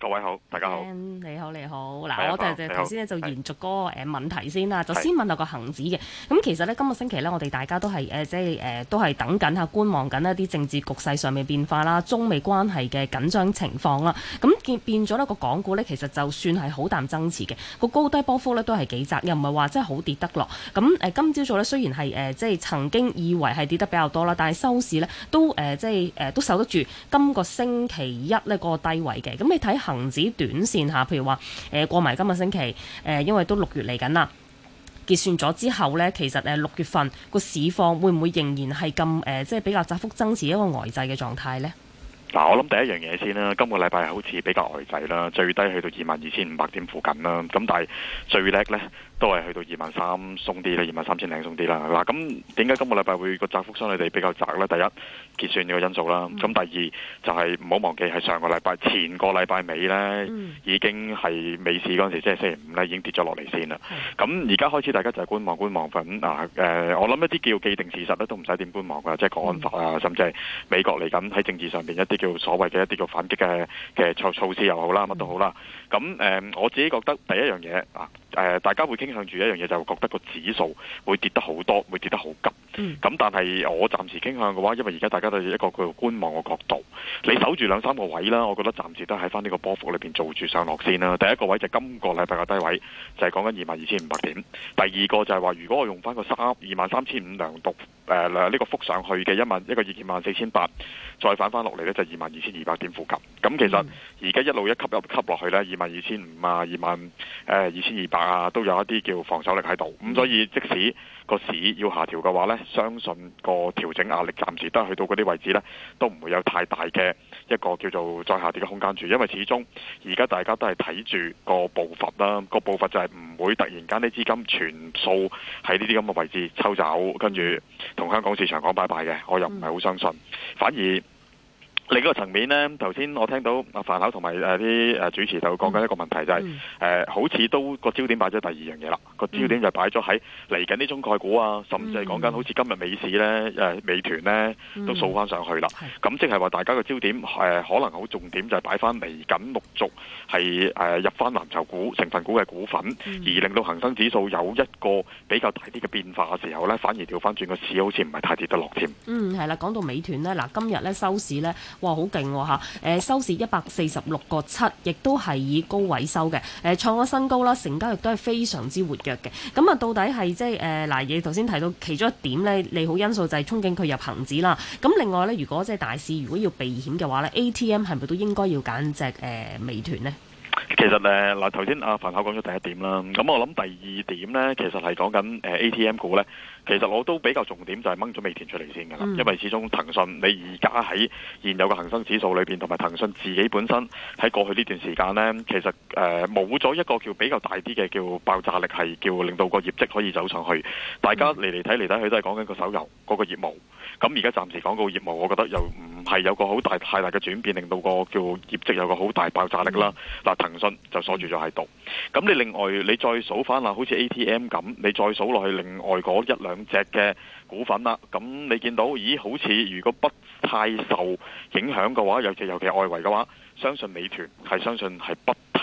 各位好，大家好，你好，你好，嗱，的我哋就頭先咧就延續個誒問題先啦，的就先問下個恒指嘅。咁其實呢，今個星期呢，我哋大家都係誒，即係誒，都係等緊吓、觀望緊一啲政治局勢上面變化啦，中美關係嘅緊張情況啦。咁變變咗呢個港股呢，其實就算係好淡爭持嘅，個高低波幅呢都係幾窄，又唔係話真係好跌得落。咁誒，今朝早呢，雖然係誒、呃，即係曾經以為係跌得比較多啦，但係收市呢都誒、呃，即係誒都守得住今個星期一呢、個低位嘅。咁你睇？恒指短線下，譬如話，誒、呃、過埋今日星期，誒、呃、因為都六月嚟緊啦，結算咗之後呢，其實誒六月份個市況會唔會仍然係咁誒，即係比較窄幅增持一個呆滯嘅狀態呢？嗱，我諗第一樣嘢先啦，今個禮拜好似比較呆滯啦，最低去到二萬二千五百點附近啦，咁但係最叻呢？都係去到二萬三，鬆啲啦，二萬三千零鬆啲啦。嗱，咁點解今個禮拜會個窄幅相對地比較窄呢？第一結算呢個因素啦，咁、mm hmm. 第二就係唔好忘記係上個禮拜前個禮拜尾呢、mm hmm. 已經係美市嗰陣時，即係星期五呢已經跌咗落嚟先啦。咁而家開始大家就觀望觀望緊啊。誒、呃，我諗一啲叫既定事實咧，都唔使點觀望嘅，即係國安法啊，mm hmm. 甚至係美國嚟緊喺政治上面一啲叫所謂嘅一啲叫反擊嘅嘅措措施又好啦，乜都好啦。咁誒、mm hmm. 呃，我自己覺得第一樣嘢啊、呃，大家會偏向住一樣嘢，就會覺得個指數會跌得好多，會跌得好急。咁、嗯、但係我暫時傾向嘅話，因為而家大家都係一個叫觀望嘅角度，你守住兩三個位啦，我覺得暫時都喺翻呢個波幅裏邊做住上落先啦。第一個位就係今個禮拜嘅低位，就係講緊二萬二千五百點。第二個就係話，如果我用翻個三二萬三千五量度誒，呢、呃呢個幅上去嘅一萬一個二萬四千八，24, 800，再返翻落嚟呢，就二萬二千二百點附近。咁其實而家一路一吸入吸落去呢，二萬二千五啊，二萬二千二百啊，都有一啲叫防守力喺度。咁所以即使個市要下調嘅話呢，相信個調整壓力暫時都係去到嗰啲位置呢，都唔會有太大嘅一個叫做再下跌嘅空間住，因為始終而家大家都係睇住個步伐啦，個步伐就係唔會突然間啲資金全數喺呢啲咁嘅位置抽走，跟住同香港市場講拜拜嘅，我又唔係好相信，反而。另一個層面呢，頭先我聽到阿飯口同埋啲主持就講緊一個問題就係、是、誒、嗯嗯呃，好似都個焦點擺咗第二樣嘢啦，個、嗯、焦點就擺咗喺嚟緊呢中概股啊，嗯、甚至係講緊好似今日美市呢，美團呢都掃翻上去啦。咁即係話大家嘅焦點、呃、可能好重點就係擺翻嚟緊陸續係入翻藍籌股成分股嘅股份，嗯、而令到恒生指數有一個比較大啲嘅變化嘅時候呢，反而調翻轉個市好似唔係太跌得落添。嗯，係啦，講到美團呢，嗱今日呢收市呢。哇，好勁喎嚇！誒，收市一百四十六個七，亦都係以高位收嘅，誒、呃、創咗新高啦。成交亦都係非常之活躍嘅。咁啊，到底係即係誒嗱，你頭先提到其中一點呢，利好因素就係憧憬佢入恆指啦。咁另外呢，如果即係大市如果要避險嘅話呢 ATM 係咪都應該要揀隻誒美團呢？其實誒嗱，頭先阿馮校講咗第一點啦，咁我諗第二點呢，其實係講緊 ATM 股呢。其實我都比較重點就係掹咗美團出嚟先㗎啦，嗯、因為始終騰訊你而家喺現有嘅恒生指數裏面，同埋騰訊自己本身喺過去呢段時間呢，其實誒冇咗一個叫比較大啲嘅叫爆炸力，係叫令到個業績可以走上去。大家嚟嚟睇嚟睇去都係講緊個手遊嗰、那個業務，咁而家暫時廣告業務，我覺得又唔係有個好大太大嘅轉變，令到個叫業績有個好大爆炸力啦。嗱，騰訊就鎖住咗喺度。咁你另外你再數翻啦，好似 ATM 咁，你再數落去，去另外嗰一兩隻嘅股份啦。咁你見到，咦？好似如果不太受影響嘅話，尤其尤其係外圍嘅話，相信美團係相信係不。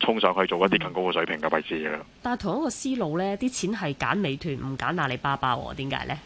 衝上去做一啲更高嘅水平嘅位置嘅，但係同一個思路呢，啲錢係揀美團唔揀阿里巴巴喎？點解呢？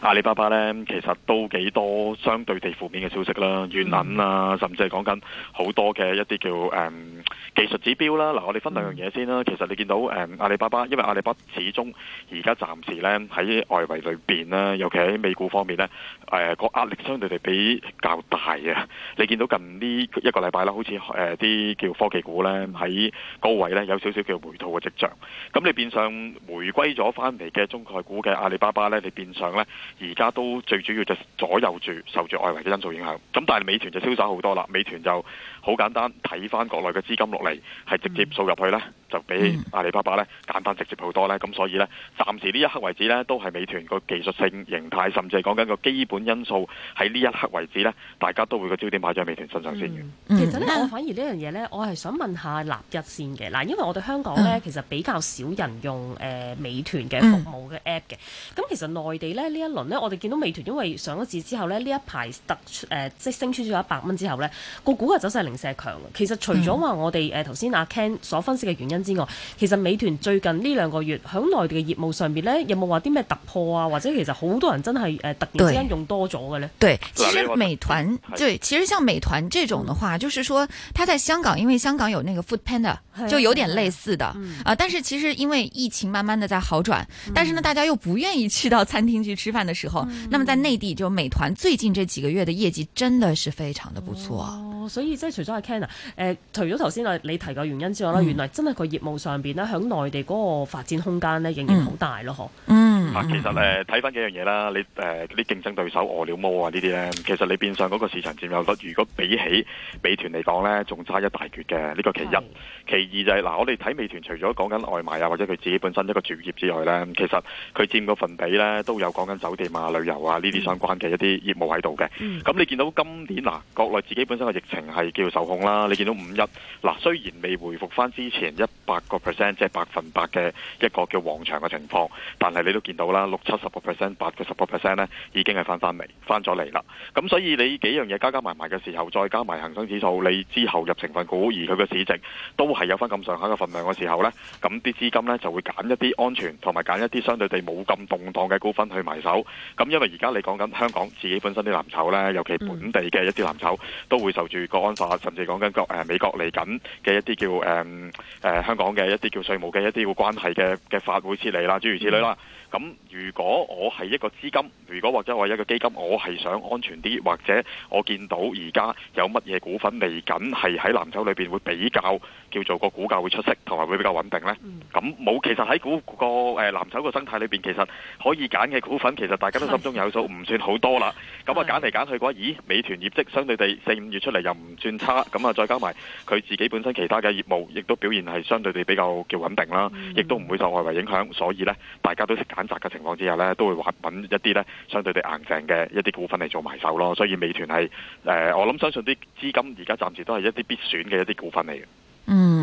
阿里巴巴咧，其實都幾多相對地負面嘅消息啦，軟銀啊，甚至係講緊好多嘅一啲叫誒、嗯、技術指標啦。嗱，我哋分兩樣嘢先啦。其實你見到誒、嗯、阿里巴巴，因為阿里巴巴始終而家暫時咧喺外圍裏面啦，尤其喺美股方面咧，誒個壓力相對地比較大啊。你見到近呢一個禮拜啦，好似誒啲叫科技股咧喺高位咧有少少叫回吐嘅跡象，咁你變相回歸咗翻嚟嘅中概股嘅阿里巴巴咧，你變相咧。而家都最主要就左右住受住外圍嘅因素影響，咁但係美團就瀟灑好多啦。美團就好簡單，睇翻國內嘅資金落嚟，係直接掃入去啦。嗯就比阿里巴巴咧簡單直接好多啦。咁所以呢，暫時呢一刻為止呢，都係美團個技術性形態，甚至係講緊個基本因素喺呢一刻為止呢，大家都會個焦點擺咗喺美團身上先嘅、嗯。其實咧，我反而呢樣嘢呢，我係想問一下納一先嘅嗱，因為我哋香港呢，其實比較少人用誒美團嘅服務嘅 App 嘅，咁、嗯嗯、其實內地呢，呢一輪呢，我哋見到美團因為上咗市之後呢，呢一排突出誒即係升出咗一百蚊之後呢，個股嘅走勢零舍強了，其實除咗話我哋誒頭先阿 Ken 所分析嘅原因，之外，其實美團最近呢兩個月喺內地嘅業務上邊呢，有冇話啲咩突破啊？或者其實好多人真係誒、呃、突然之間用多咗嘅呢？對，其實美團。對，其實像美團這種的話，就是說，他在香港因為香港有那個 Food Panda，就有點類似的啊。呃嗯、但是其實因為疫情慢慢的在好轉，嗯、但是呢，大家又不願意去到餐廳去吃飯的時候，嗯、那麼在內地就美團最近這幾個月的業績真的是非常的不錯。哦，所以即係除咗阿 Ken 誒，除咗頭先你提嘅原因之外啦，嗯、原來真係佢。業務上邊咧，喺內地嗰個發展空間咧，仍然好大咯，嗬、嗯。嗯。其實誒睇翻幾樣嘢啦，你誒啲競爭對手餓了麼啊呢啲咧，其實你變相嗰個市場佔有率，如果比起美團嚟講咧，仲差一大截嘅，呢、這個其一。的其二就係、是、嗱，我哋睇美團，除咗講緊外賣啊或者佢自己本身一個主業之外咧，其實佢佔嗰份比咧都有講緊酒店啊、旅遊啊呢啲相關嘅一啲業務喺度嘅。咁、嗯、你見到今年嗱國內自己本身嘅疫情係叫受控啦，你見到五一嗱雖然未回復翻之前一百個 percent 即係百分百嘅一個叫旺場嘅情況，但係你都見到。啦，六七十個 percent，八九十個 percent 咧，已經係翻翻嚟，翻咗嚟啦。咁所以你幾樣嘢加加埋埋嘅時候，再加埋恒生指數，你之後入成分股，而佢個市值都係有翻咁上下嘅份量嘅時候呢，咁啲資金呢就會揀一啲安全，同埋揀一啲相對地冇咁動盪嘅股份去埋手。咁因為而家你講緊香港自己本身啲藍籌呢，尤其本地嘅一啲藍籌都會受住國安法，甚至講緊國誒美國嚟緊嘅一啲叫誒誒香港嘅一啲叫稅務嘅一啲嘅關係嘅嘅法會設嚟啦，諸如此類啦，咁。如果我係一個資金，如果或者我係一個基金，我係想安全啲，或者我見到而家有乜嘢股份嚟緊係喺藍籌裏邊會比較叫做個股價會出色，同埋會比較穩定呢。咁冇、嗯、其實喺股個誒藍籌個生態裏邊，其實可以揀嘅股份，其實大家都心中有數，唔是的 算好多啦。咁啊揀嚟揀去嘅話，咦？美團業績相對地四五月出嚟又唔算差，咁啊再加埋佢自己本身其他嘅業務，亦都表現係相對地比較叫穩定啦，亦、嗯、都唔會受外圍影響，所以呢，大家都識揀。嘅情況之下呢，都會揾一啲呢相對地硬淨嘅一啲股份嚟做埋手咯。所以美團係誒，我諗相信啲資金而家暫時都係一啲必選嘅一啲股份嚟嘅。嗯。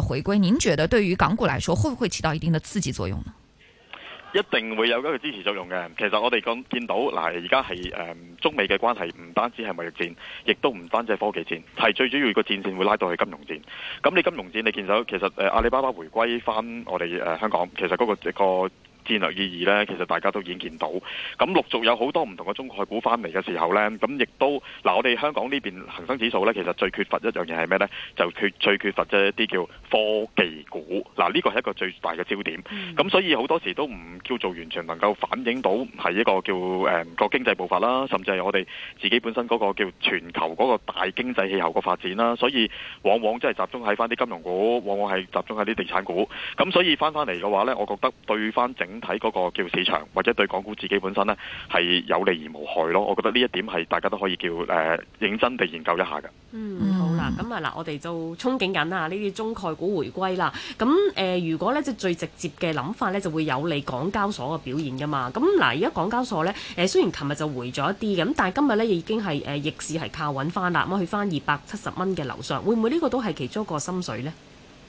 回歸，您覺得對於港股來說，會不會起到一定的刺激作用呢？一定會有一個支持作用嘅。其實我哋咁見到嗱，而家係誒中美嘅關係唔單止係貿易戰，亦都唔單止係科技戰，係最主要個戰線會拉到去金融戰。咁你金融戰，你見到其實誒阿里巴巴回歸返我哋誒香港，其實嗰個一個。戰略意義咧，其實大家都已經見到。咁陸續有好多唔同嘅中概股翻嚟嘅時候咧，咁亦都嗱，我哋香港呢邊恆生指數咧，其實最缺乏一樣嘢係咩咧？就缺最缺乏即係一啲叫科技股。嗱，呢個係一個最大嘅焦點。咁所以好多時都唔叫做完全能夠反映到係一個叫誒個經濟步伐啦，甚至係我哋自己本身嗰個叫全球嗰個大經濟氣候個發展啦。所以往往即係集中喺翻啲金融股，往往係集中喺啲地產股。咁所以翻翻嚟嘅話咧，我覺得對翻整。睇嗰個叫市場，或者對港股自己本身呢係有利而無害咯。我覺得呢一點係大家都可以叫誒認真地研究一下嘅。嗯，好啦，咁啊嗱，我哋就憧憬緊啦，呢啲中概股回歸啦。咁誒，如果咧即係最直接嘅諗法咧，就會有利港交所嘅表現噶嘛。咁、嗯、嗱，而家港交所咧誒，雖然琴日就回咗一啲咁，但係今日咧已經係誒逆市係靠穩翻啦，咁去翻二百七十蚊嘅樓上，會唔會呢個都係其中一個心水咧？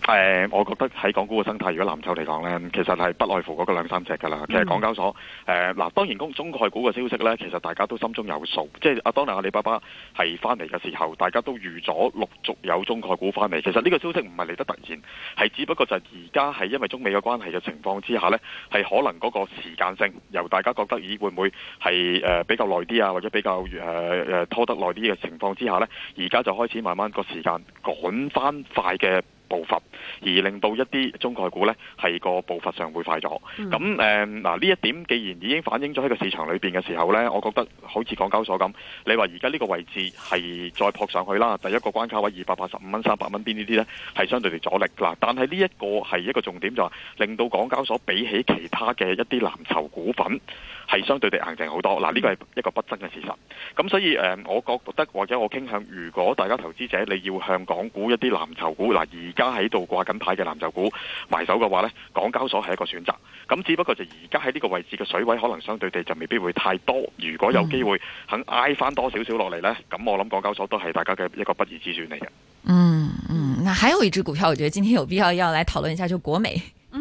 誒、呃，我覺得喺港股嘅生態，如果藍籌嚟講呢，其實係不外乎嗰個兩三隻噶啦。嗯、其實港交所誒，嗱、呃、當然中概股嘅消息呢，其實大家都心中有數。即係阿當阿里巴巴係翻嚟嘅時候，大家都預咗陸續有中概股翻嚟。其實呢個消息唔係嚟得突然，係只不過就係而家係因為中美嘅關係嘅情況之下呢，係可能嗰個時間性由大家覺得咦會唔會係誒、呃、比較耐啲啊，或者比較誒、呃、拖得耐啲嘅情況之下呢，而家就開始慢慢個時間趕翻快嘅。步伐而令到一啲中概股呢，係個步伐上會快咗。咁誒嗱呢一點既然已經反映咗喺個市場裏邊嘅時候呢，我覺得好似港交所咁，你話而家呢個位置係再撲上去啦，第一個關卡位二百八十五蚊、三百蚊邊呢啲呢，係相對嚟阻力嗱。但係呢一個係一個重點，就是，就係令到港交所比起其他嘅一啲藍籌股份。係相對地硬淨好多，嗱、這、呢個係一個不爭嘅事實。咁所以誒，我覺得或者我傾向，如果大家投資者你要向港股一啲藍籌股，嗱而家喺度掛緊牌嘅藍籌股埋手嘅話呢，港交所係一個選擇。咁只不過就而家喺呢個位置嘅水位，可能相對地就未必會太多。如果有機會肯挨翻多少少落嚟呢，咁、嗯、我諗港交所都係大家嘅一個不二之選嚟嘅。嗯嗯，那還有一隻股票，我覺得今天有必要要來討論一下，就國美。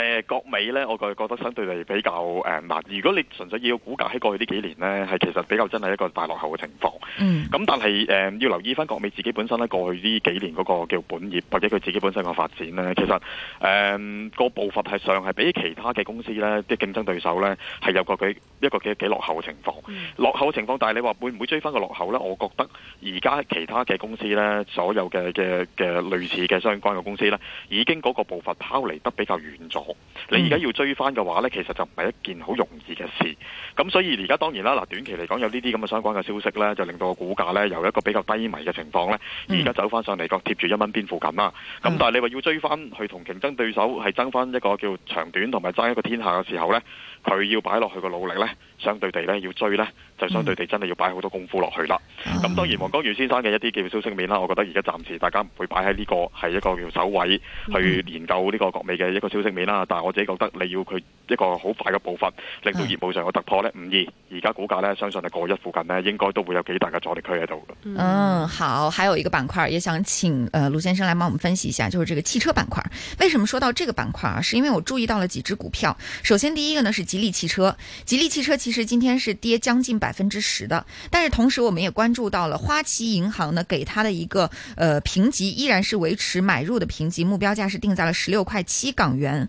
誒國美咧，我覺覺得相對嚟比較誒難。如果你純粹要估價喺過去呢幾年咧，係其實比較真係一個大落後嘅情況。嗯。咁但係誒要留意翻國美自己本身咧，過去呢幾年嗰個叫本業或者佢自己本身個發展咧，其實誒個步伐係上係比其他嘅公司咧，啲競爭對手咧係有個佢一個幾幾落後嘅情況。落後嘅情況，但係你話會唔會追翻個落後咧？我覺得而家其他嘅公司咧，所有嘅嘅嘅類似嘅相關嘅公司咧，已經嗰個步伐拋離得比較遠咗。你而家要追翻嘅話呢，其實就唔係一件好容易嘅事。咁所以而家當然啦，嗱短期嚟講有呢啲咁嘅相關嘅消息呢，就令到個股價呢，由一個比較低迷嘅情況呢，而家走翻上嚟，個貼住一蚊邊附近啦。咁但係你話要追翻去同競爭對手係爭翻一個叫長短同埋爭一個天下嘅時候呢，佢要擺落去嘅努力呢，相對地呢，要追呢，就相對地真係要擺好多功夫落去啦。咁當然黃光裕先生嘅一啲叫消息面啦，我覺得而家暫時大家唔會擺喺呢個係一個叫首位去研究呢個國美嘅一個消息面啦。但係我自己覺得你要佢一個好快嘅步伐，令到業務上嘅突破呢唔易。而家股價呢，相信係過一附近呢應該都會有幾大嘅阻力區喺度。嗯，好，還有一個板塊，也想請誒、呃、盧先生來幫我們分析一下，就是這個汽車板塊。為什麼說到這個板塊啊？是因為我注意到了幾隻股票。首先第一個呢，是吉利汽車。吉利汽車其實今天是跌將近百分之十的，但是同時我們也關注到了花旗銀行呢，給它的一個誒、呃、評級依然是維持買入的評級，目標價是定在了十六塊七港元。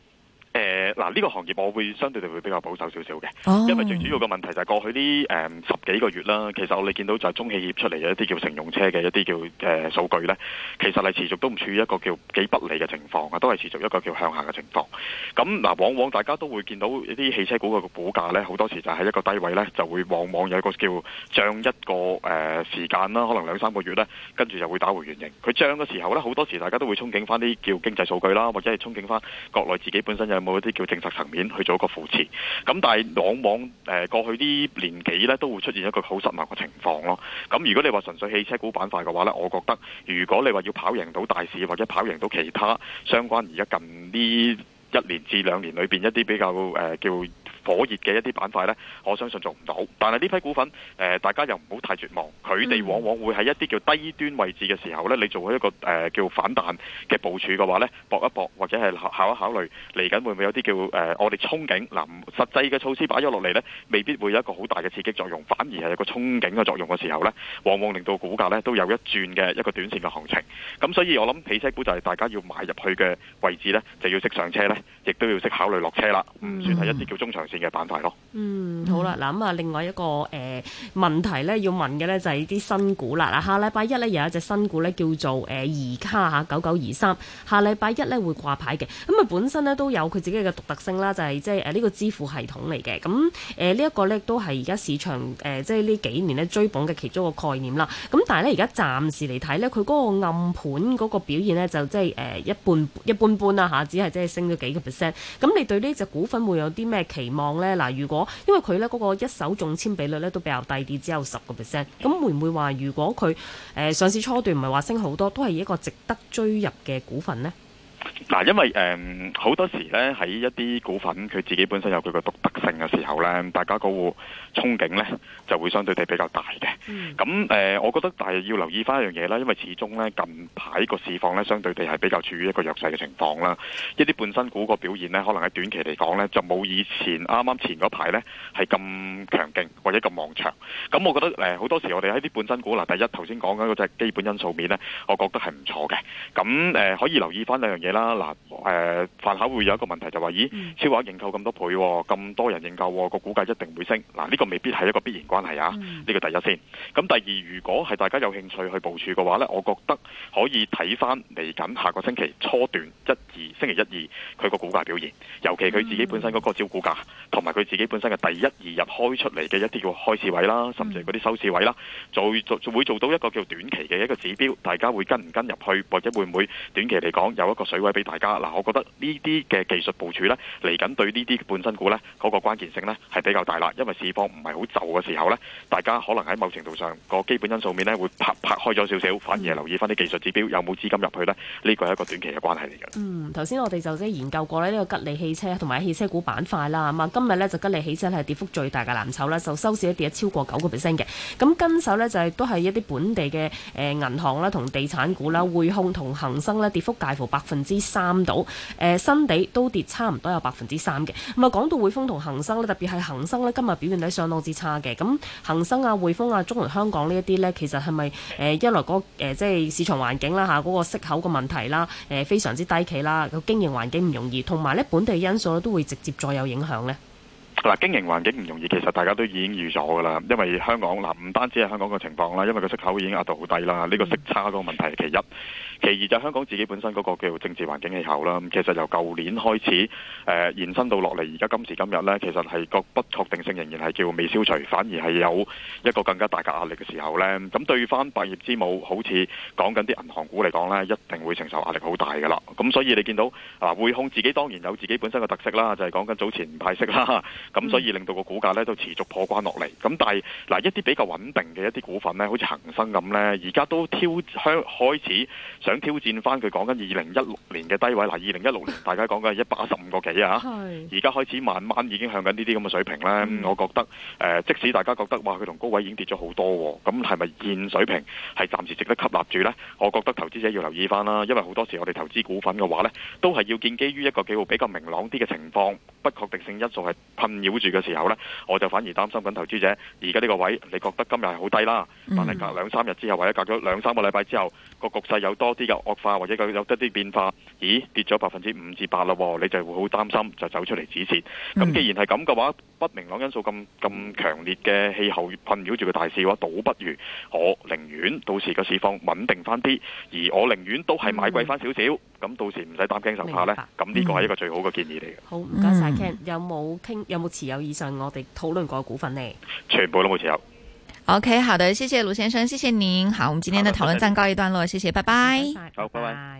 誒，嗱呢、呃，這個行業我會相對地會比較保守少少嘅，因為最主要嘅問題就係過去呢誒、嗯、十幾個月啦，其實我哋見到就係中汽協出嚟嘅一啲叫乘用車嘅一啲叫誒、呃、數據咧，其實係持續都唔處於一個叫幾不利嘅情況啊，都係持續一個叫，叫向下嘅情況。咁嗱，往往大家都會見到一啲汽車股嘅股價咧，好多時就係一個低位咧，就會往往有一個叫漲一個誒、呃、時間啦，可能兩三個月咧，跟住就會打回原形。佢漲嘅時候咧，好多時大家都會憧憬翻啲叫經濟數據啦，或者係憧憬翻國內自己本身有。冇一啲叫政策層面去做一個扶持，咁但係往往、呃、過去啲年紀咧都會出現一個好失望嘅情況咯。咁如果你話純粹汽車股板塊嘅話咧，我覺得如果你話要跑贏到大市或者跑贏到其他相關而家近呢一年至兩年裏邊一啲比較誒、呃、叫。火熱嘅一啲板塊呢，我相信做唔到。但係呢批股份，誒、呃、大家又唔好太絕望。佢哋往往會喺一啲叫低端位置嘅時候呢，你做一個誒、呃、叫反彈嘅部署嘅話呢，搏一搏或者係考一考慮嚟緊會唔會有啲叫誒、呃、我哋憧憬嗱、呃，實際嘅措施擺咗落嚟呢，未必會有一個好大嘅刺激作用，反而係一個憧憬嘅作用嘅時候呢，往往令到股價呢都有一轉嘅一個短線嘅行情。咁所以我諗汽車股就係大家要買入去嘅位置呢，就要識上車呢，亦都要識考慮落車啦。唔算係一啲叫中長。嘅咯，嗯，好啦，嗱咁啊，另外一個誒、呃、問題咧，要問嘅咧就係、是、啲新股啦。嗱，下禮拜一咧又有隻新股咧，叫做誒移、呃、卡嚇九九二三，23, 下禮拜一咧會掛牌嘅。咁啊，本身咧都有佢自己嘅獨特性啦，就係即係呢個支付系統嚟嘅。咁誒、呃這個、呢一個咧都係而家市場誒、呃、即這幾年呢年咧追捧嘅其中一個概念啦。咁但係咧而家暫時嚟睇咧，佢嗰個暗盤嗰個表現咧就即係一半一半下啊只係即係升咗幾個 percent。咁你對呢隻股份會有啲咩期望？講咧嗱，如果因為佢咧嗰個一手中籤比率咧都比較低啲，只有十個 percent，咁會唔會話如果佢誒、呃、上市初段唔係話升好多，都係一個值得追入嘅股份呢？嗱，因為誒好、嗯、多時咧喺一啲股份佢自己本身有佢個獨特性嘅時候咧，大家嗰個憧憬咧就會相對地比較大嘅。咁誒、呃，我覺得但係要留意翻一樣嘢啦，因為始終咧近排個市況咧相對地係比較處於一個弱勢嘅情況啦。一啲半新股個表現咧，可能喺短期嚟講咧就冇以前啱啱前嗰排咧係咁強勁或者咁旺場。咁我覺得誒好、呃、多時我哋喺啲半新股嗱，第一頭先講緊嗰隻基本因素面咧，我覺得係唔錯嘅。咁誒、呃、可以留意翻兩樣嘢。啦嗱，誒發口會有一個問題就話，是，咦，超額認購咁多倍，哦，咁多人認購，哦，個股價一定會升？嗱，呢、呢個未必係一個必然關係啊。呢、嗯、個第一先。咁第二，如果係大家有興趣去部署嘅話呢，我覺得可以睇翻嚟緊下個星期初段，一二星期一、二佢個股價表現，尤其佢自己本身嗰個招股價，同埋佢自己本身嘅第一、二日開出嚟嘅一啲叫開市位啦，甚至係嗰啲收市位啦，做會會做到一個叫短期嘅一個指標，大家會跟唔跟入去，或者會唔會短期嚟講有一個水？喂，俾大家嗱，我覺得呢啲嘅技術部署呢，嚟緊對呢啲本身股呢，嗰個關鍵性呢係比較大啦，因為市況唔係好就嘅時候呢，大家可能喺某程度上個基本因素面呢，會拍拍開咗少少，反而係留意翻啲技術指標，有冇資金入去呢。呢個係一個短期嘅關係嚟嘅。嗯，頭先我哋就即係研究過咧，呢個吉利汽車同埋汽車股板塊啦，咁啊今日呢，就吉利汽車係跌幅最大嘅藍籌咧，就收市咧跌咗超過九個 percent 嘅。咁跟手呢，就係都係一啲本地嘅誒銀行啦同地產股啦，匯控同恒生咧跌幅介乎百分之之三度，誒新地都跌差唔多有百分之三嘅。咁啊講到匯豐同恒生咧，特別係恒生咧，今日表現得相當之差嘅。咁恒生啊、匯豐啊、中銀香港呢一啲咧，其實係咪誒一來嗰誒即係市場環境啦嚇，嗰個息口嘅問題啦，誒非常之低企啦，個經營環境唔容易，同埋咧本地因素咧都會直接再有影響咧。嗱，經營環境唔容易，其實大家都已經預咗噶啦。因為香港嗱，唔單止係香港個情況啦，因為個息口已經壓到好低啦。呢、這個息差個問題係其一，其二就係香港自己本身嗰個叫政治環境氣候啦。其實由舊年開始，誒、呃、延伸到落嚟而家今時今日呢，其實係個不確定性仍然係叫未消除，反而係有一個更加大嘅壓力嘅時候呢。咁對翻百業之母，好似講緊啲銀行股嚟講呢，一定會承受壓力好大噶啦。咁所以你見到嗱，匯控自己當然有自己本身嘅特色啦，就係講緊早前派息啦。咁、嗯、所以令到個股價咧都持續破關落嚟。咁但係嗱一啲比較穩定嘅一啲股份咧，好似恒生咁咧，而家都挑向開始想挑戰翻佢講緊二零一六年嘅低位。嗱，二零一六年大家講緊係一百二十五個幾啊，而家是開始慢慢已經向緊呢啲咁嘅水平咧。嗯、我覺得、呃、即使大家覺得哇，佢同高位已經跌咗好多，咁係咪現水平係暫時值得吸納住咧？我覺得投資者要留意翻啦，因為好多時我哋投資股份嘅話咧，都係要建基於一個幾好比較明朗啲嘅情況，不確定性因素係困繞住嘅時候呢，我就反而擔心緊投資者。而家呢個位，你覺得今日係好低啦，但係隔兩三日之後，或者隔咗兩三個禮拜之後，個局勢有多啲嘅惡化，或者個有得啲變化，咦？跌咗百分之五至八啦，你就會好擔心，就走出嚟止蝕。咁、嗯、既然係咁嘅話，不明朗因素咁咁強烈嘅氣候困擾住個大市嘅話，倒不如我寧願到時個市況穩定翻啲，而我寧願都係買貴翻少少。嗯嗯咁到時唔使擔驚受怕咧，咁呢個係一個最好嘅建議嚟嘅。好，唔該晒 Ken，有冇傾？有冇持有以上我哋討論過嘅股份呢？全部都冇持有。OK，好的，謝謝盧先生，謝謝您。好，我們今天的討論暫告一段落，謝謝，拜拜。拜拜。拜拜。